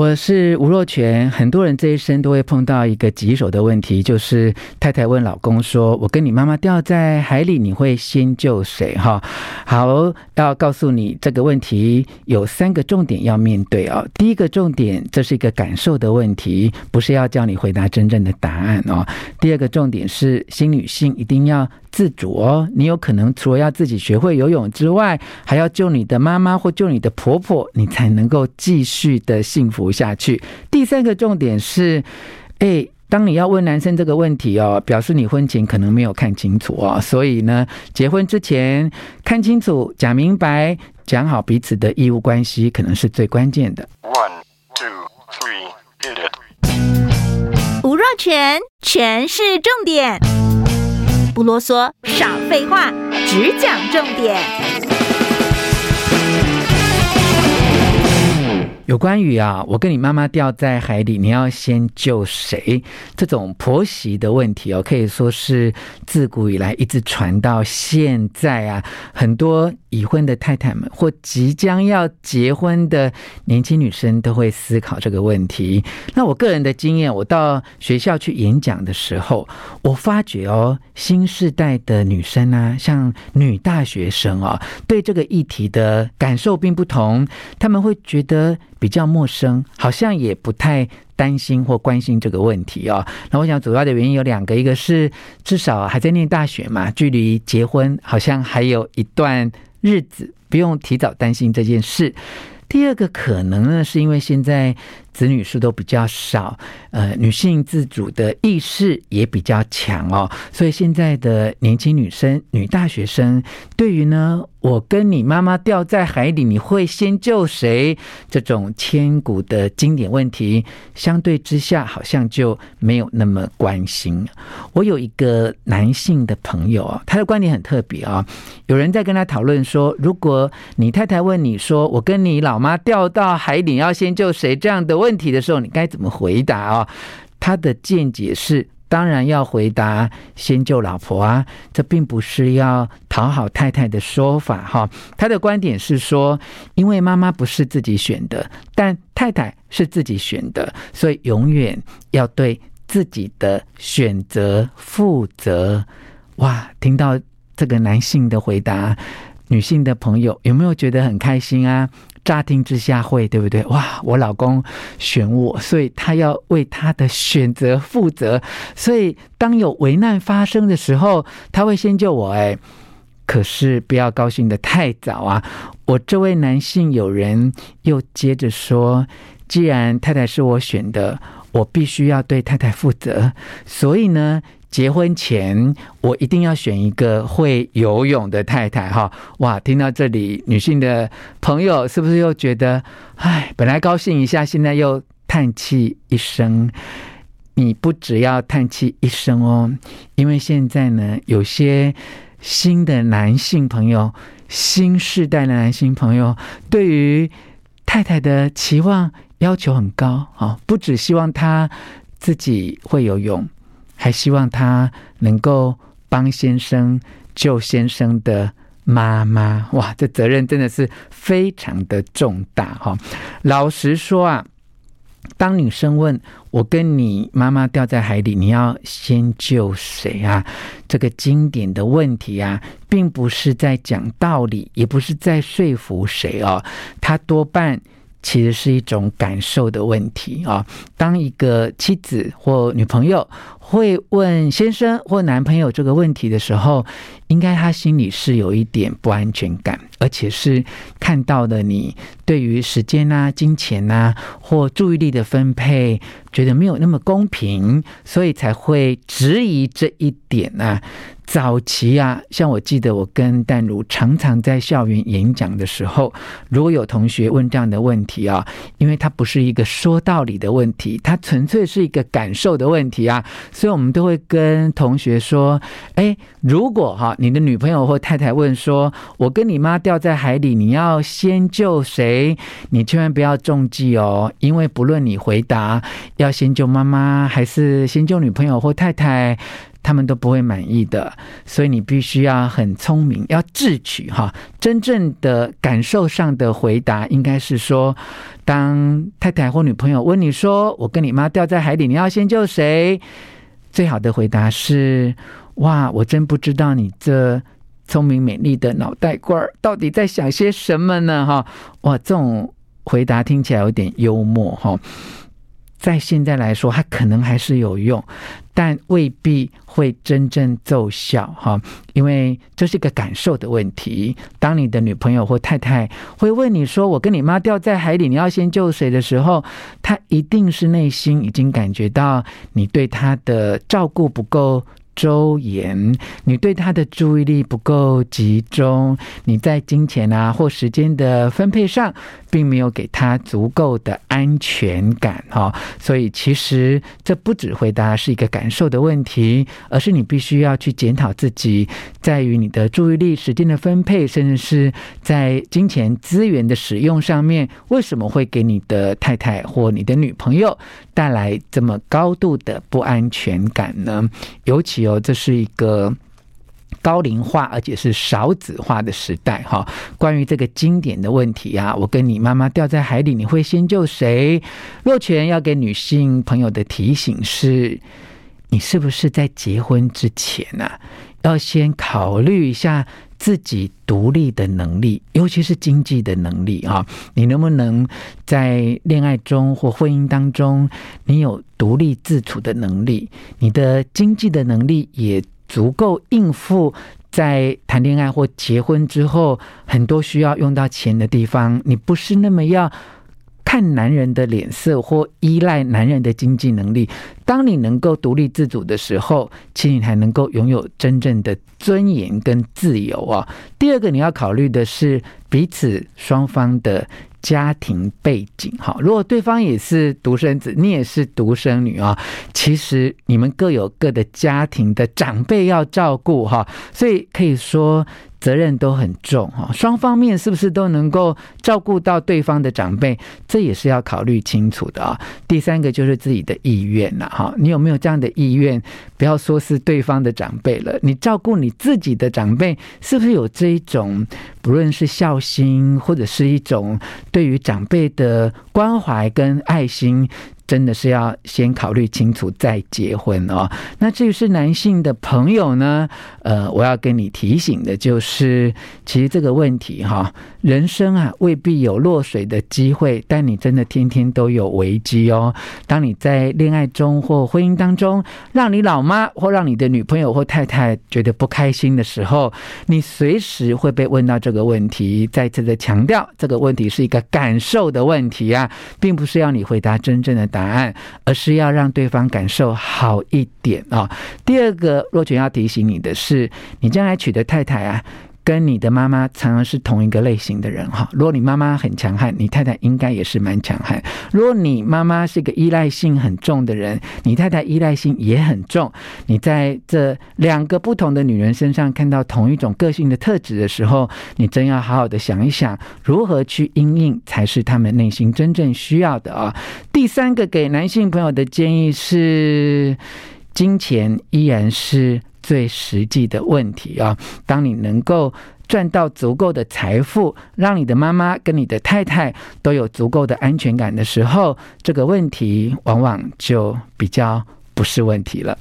我是吳若權，很多人這一生都會碰到一個棘手的問題，就是太太問老公說：“我跟你媽媽掉在海裡，你會先救誰？”哈，好，要告訴你這個問題有三個重點要面對哦，第一個重點，這是一個感受的問題，不是要叫你回答真正的答案哦。第二個重點是，新女性一定要自主哦，你有可能除了要自己學會游泳之外，還要救你的媽媽或救你的婆婆，你才能夠繼續的幸福下去。第三個重點是，欸，當你要問男生這個問題哦，表示你婚前可能沒有看清楚哦，所以呢，結婚之前看清楚、講明白、講好彼此的義務關係，可能是最關鍵的。One, two, three,，吳若權，權式重點。不囉嗦，少廢話，只講重點。有關於啊，我跟你媽媽掉在海裡，你要先救誰？這種婆媳的問題哦，可以說是自古以來一直傳到現在啊，很多。已婚的太太們或即將要結婚的年輕女生都會思考這個問題。那我個人的經驗，我到學校去演講的時候，我發覺哦，新世代的女生啊，像女大學生啊，對這個議題的感受並不同，她們會覺得比較陌生，好像也不太。擔心或關心這個問題哦，那我想主要的原因有兩個，一個是至少還在念大學嘛，距離結婚好像還有一段日子，不用提早擔心這件事；第二個可能呢，是因為現在，子女數都比較少，呃，女性自主的意識也比較強哦，所以現在的年輕女生、女大學生，對於呢，我跟你媽媽掉在海裡，你會先救誰？這種千古的經典問題，相對之下好像就沒有那麼關心。我有一個男性的朋友啊，他的觀點很特別啊、哦，有人在跟他討論說，如果你太太問你說，我跟你老媽掉到海裡，要先救誰？這樣的問。問。問題的時候，你該怎麼回答啊、哦？他的見解是：當然要回答，先救老婆啊！這並不是要討好太太的說法哈。他的觀點是說，因為媽媽不是自己選的，但太太是自己選的，所以永遠要對自己的選擇負責。哇！聽到這個男性的回答，女性的朋友有沒有覺得很開心啊？乍聽之下會對不對？哇，我老公選我，所以他要為他的選擇負責。所以當有危難發生的時候，他會先救我、欸。哎，可是不要高興得太早啊！我這位男性友人又接着說，既然太太是我選的。我必須要對太太負責，所以呢，結婚前我一定要選一個會游泳的太太哈。哇，聽到這裡，女性的朋友是不是又覺得，哎，本來高興一下，現在又嘆氣一聲？你不只要嘆氣一聲哦，因為現在呢，有些新的男性朋友，新世代的男性朋友，對於太太的期望，要求很高啊！不只希望他自己會游泳，還希望他能夠幫先生救先生的媽媽。哇，這責任真的是非常的重大哈，哦！老實說啊，當女生問我跟你媽媽掉在海裡，你要先救誰啊？這個經典的問題啊，並不是在講道理，也不是在說服誰哦，她多半。其實是一種感受的問題啊。當一個妻子或女朋友會問先生或男朋友這個問題的時候，應該他心裡是有一點不安全感，而且是看到的你對於時間啊、金錢啊或注意力的分配，覺得沒有那麼公平，所以才會質疑這一點啊。早期啊，像我記得，我跟淡如常常在校園演講的時候，如果有同學問這樣的問題啊，因為它不是一個說道理的問題，它純粹是一個感受的問題啊，所以我們都會跟同學說：哎、欸，如果哈，你的女朋友或太太問說，我跟你媽掉在海裡，你要先救誰？你千萬不要中計哦，因為不論你回答要先救媽媽，還是先救女朋友或太太。他們都不會滿意的，所以你必須要很聰明，要智取哈。真正的感受上的回答應該是說：當太太或女朋友問你說“我跟你媽掉在海裡，你要先救誰？”最好的回答是：“哇，我真不知道你這聰明美麗的腦袋瓜到底在想些什麼呢？”哈，哇，這種回答聽起來有點幽默哈。在現在來說，它可能還是有用，但未必會真正奏效哈，因為這是一個感受的問題。當你的女朋友或太太會問你說：“我跟你媽掉在海裡，你要先救誰？”的時候，她一定是內心已經感覺到你對她的照顧不夠。周延，你對他的注意力不夠集中，你在金錢啊或時間的分配上，並沒有給他足夠的安全感，哦，哈。所以，其實這不只回答是一個感受的問題，而是你必須要去檢討自己，在於你的注意力、時間的分配，甚至是在金錢資源的使用上面，為什麼會給你的太太或你的女朋友帶來這麼高度的不安全感呢？尤其。有，這是一個高齡化而且是少子化的時代哈。關於這個經典的問題啊，我跟你媽媽掉在海裡，你會先救誰？若權要給女性朋友的提醒是：你是不是在結婚之前呢、啊，要先考慮一下？自己獨立的能力，尤其是經濟的能力啊，你能不能在戀愛中或婚姻當中，你有獨立自主的能力？你的經濟的能力也足夠應付在談戀愛或結婚之後很多需要用到錢的地方，你不是那麼要看男人的臉色或依賴男人的經濟能力，當你能夠獨立自主的時候，其實你還能夠擁有真正的尊嚴跟自由啊。第二個你要考慮的是彼此雙方的家庭背景，哈，如果對方也是獨生子，你也是獨生女啊，其實你們各有各的家庭的長輩要照顧哈，所以可以說。責任都很重哈，雙方面是不是都能夠照顧到對方的長輩？這也是要考慮清楚的啊。第三個就是自己的意願了哈，你有沒有這樣的意願？不要說是對方的長輩了，你照顧你自己的長輩，是不是有這一種，不論是孝心，或者是一種對於長輩的關懷跟愛心。真的是要先考慮清楚再結婚哦。那至於是男性的朋友呢？呃，我要跟你提醒的就是，其實這個問題哈、哦，人生啊未必有落水的機會，但你真的天天都有危機哦。當你在戀愛中或婚姻當中，讓你老媽或讓你的女朋友或太太覺得不開心的時候，你隨時會被問到這個問題。再次的強調，這個問題是一個感受的問題啊，並不是要你回答真正的答。答案，而是要讓對方感受好一點啊、哦。第二個，若權要提醒你的是，你將來娶的太太啊，跟你的媽媽常常是同一個類型的人哈、哦。如果你媽媽很強悍，你太太應該也是蠻強悍。如果你媽媽是個依賴性很重的人，你太太依賴性也很重。你在這兩個不同的女人身上看到同一種個性的特質的時候，你真要好好的想一想，如何去因應應才是他們內心真正需要的啊、哦。第三個給男性朋友的建議是，金錢依然是。最實際的問題啊，當你能夠賺到足夠的財富，讓你的媽媽跟你的太太都有足夠的安全感的時候，這個問題往往就比較不是問題了。